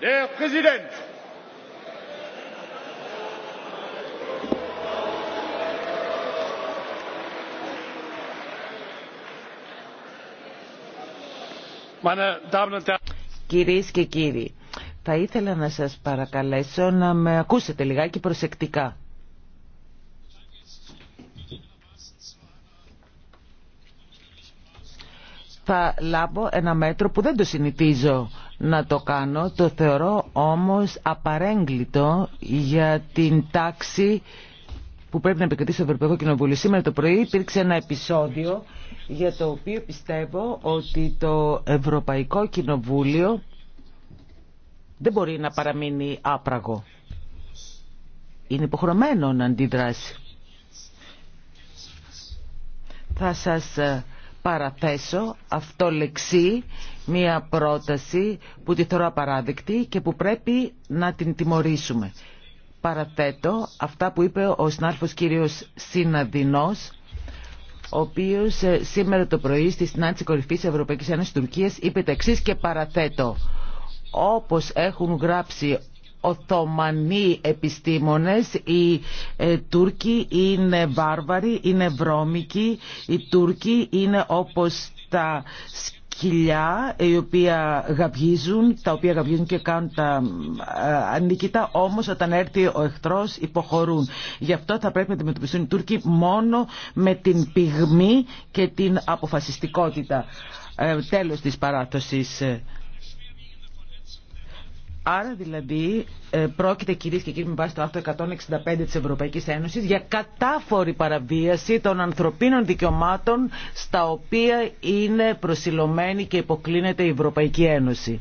Der Präsident! Κυρίες και κύριοι, θα ήθελα να σας παρακαλέσω να με ακούσετε λιγάκι προσεκτικά. Θα λάβω ένα μέτρο που δεν το συνηθίζω να το κάνω, το θεωρώ όμως απαρέγκλητο για την τάξη που πρέπει να επικρατήσει στο Ευρωπαϊκό Κοινοβούλιο. Σήμερα το πρωί υπήρξε ένα επεισόδιο για το οποίο πιστεύω ότι το Ευρωπαϊκό Κοινοβούλιο δεν μπορεί να παραμείνει άπραγο. Είναι υποχρεωμένο να αντιδράσει. Θα σας παραθέσω αυτό λεξί μία πρόταση που τη θεωρώ απαράδεκτη και που πρέπει να την τιμωρήσουμε. Παραθέτω αυτά που είπε ο συνάρφος κύριος Συναδεινός, ο οποίος ε, σήμερα το πρωί στη συνάντηση κορυφής Ευρωπαϊκής Ένωσης Τουρκίας είπε τα εξής και παραθέτω. Όπως έχουν γράψει Οθωμανοί επιστήμονες, οι ε, Τούρκοι είναι βάρβαροι, είναι βρώμικοι, οι Τούρκοι είναι όπως τα σκυλιά οι οποία γαβγίζουν, τα οποία γαβγίζουν και κάνουν τα ανίκητα, ε, όμως όταν έρθει ο εχθρός υποχωρούν. Γι' αυτό θα πρέπει να αντιμετωπιστούν οι Τούρκοι μόνο με την πυγμή και την αποφασιστικότητα. Ε, τέλος της παράτασης. Άρα δηλαδή ε, πρόκειται κυρίες και κύριοι με βάση το άρθρο 165 της Ευρωπαϊκής Ένωσης για κατάφορη παραβίαση των ανθρωπίνων δικαιωμάτων στα οποία είναι προσιλωμένη και υποκλίνεται η Ευρωπαϊκή Ένωση.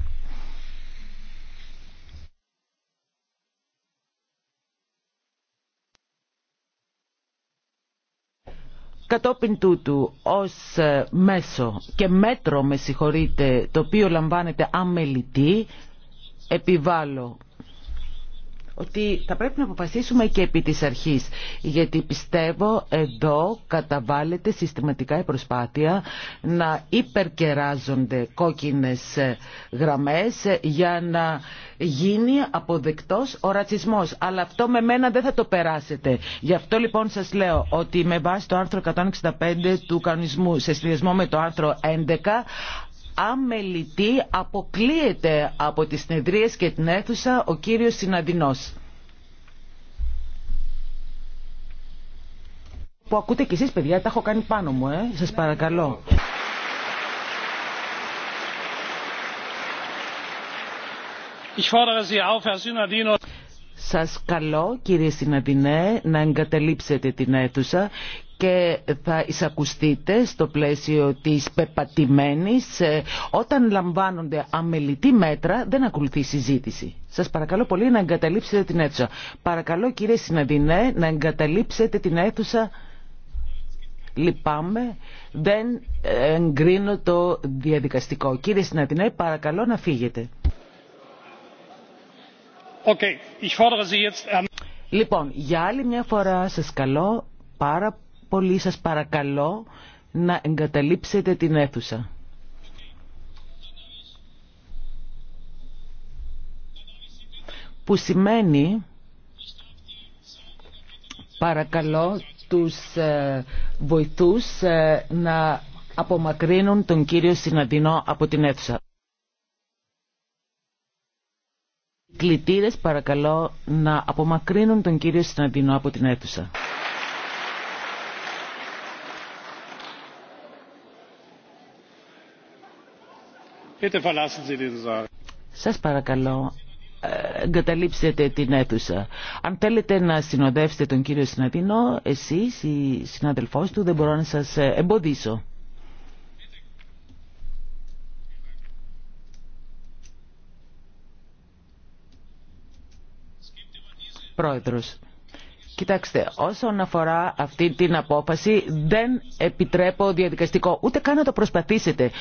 κατόπιν τούτου ως ε, μέσο και μέτρο με συγχωρείτε το οποίο λαμβάνεται αμελητή επιβάλλω ότι θα πρέπει να αποφασίσουμε και επί της αρχής, γιατί πιστεύω εδώ καταβάλλεται συστηματικά η προσπάθεια να υπερκεράζονται κόκκινες ε, γραμμές ε, για να γίνει αποδεκτός ο ρατσισμός. Αλλά αυτό με μένα δεν θα το περάσετε. Γι' αυτό λοιπόν σας λέω ότι με βάση το άρθρο 165 του κανονισμού σε συνδυασμό με το άρθρο 11 αμελητή αποκλείεται από τις συνεδρίες και την αίθουσα ο κύριος Συναντινός. Που ακούτε κι εσείς παιδιά, τα έχω κάνει πάνω μου, ε. σας παρακαλώ. Ich fordere Sie auf, Herr Σας καλώ κύριε Συναντινέ να εγκαταλείψετε την αίθουσα και θα εισακουστείτε στο πλαίσιο της πεπατημένης. Ε, όταν λαμβάνονται αμελητή μέτρα δεν ακολουθεί συζήτηση. Σας παρακαλώ πολύ να εγκαταλείψετε την αίθουσα. Παρακαλώ κύριε Συναδινέ να εγκαταλείψετε την αίθουσα. Λυπάμαι, δεν εγκρίνω το διαδικαστικό. Κύριε Συναδινέ, παρακαλώ να φύγετε. Okay. Λοιπόν, για άλλη μια φορά σας καλώ πάρα πολύ πολύ σας παρακαλώ να εγκαταλείψετε την αίθουσα. Που σημαίνει, παρακαλώ τους ε, βοηθούς ε, να απομακρύνουν τον κύριο Συναντινό από την αίθουσα. κλητήρες παρακαλώ να απομακρύνουν τον κύριο Συναντινό από την αίθουσα. Σας παρακαλώ, ε, εγκαταλείψετε την αίθουσα. Αν θέλετε να συνοδεύσετε τον κύριο Συναδίνο, εσείς, η συναδελφός του, δεν μπορώ να σας ε, εμποδίσω. Πρόεδρος. Κοιτάξτε, όσον αφορά αυτή την απόφαση, δεν επιτρέπω διαδικαστικό. Ούτε καν να το προσπαθήσετε.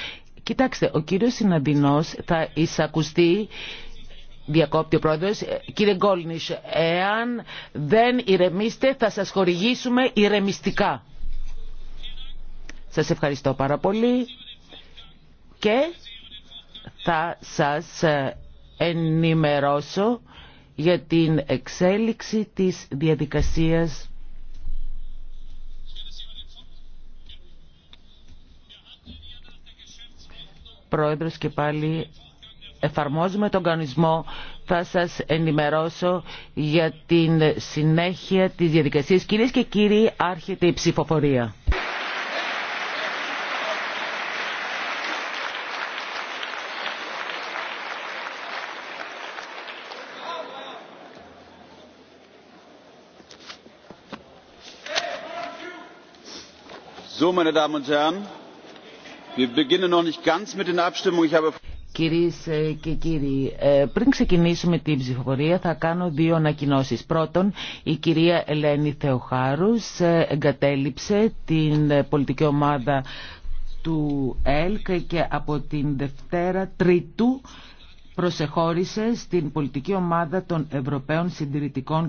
Κοιτάξτε, ο κύριος Συναντινός θα εισακουστεί διακόπτει ο πρόεδρος. Κύριε Γκόλνης, εάν δεν ηρεμήστε θα σας χορηγήσουμε ηρεμιστικά. Σας ευχαριστώ πάρα πολύ και θα σας ε, ενημερώσω για την εξέλιξη της διαδικασίας Πρόεδρος και πάλι εφαρμόζουμε τον κανονισμό θα σας ενημερώσω για την συνέχεια της διαδικασίας. Κυρίες και κύριοι, άρχεται η ψηφοφορία. Κυρίες ε, και κύριοι, ε, πριν ξεκινήσουμε την ψηφοφορία θα κάνω δύο ανακοινώσεις. Πρώτον, η κυρία Ελένη Θεοχάρους ε, εγκατέλειψε την πολιτική ομάδα του ΕΛΚ και από την Δευτέρα Τρίτου προσεχώρησε στην πολιτική ομάδα των Ευρωπαίων Συντηρητικών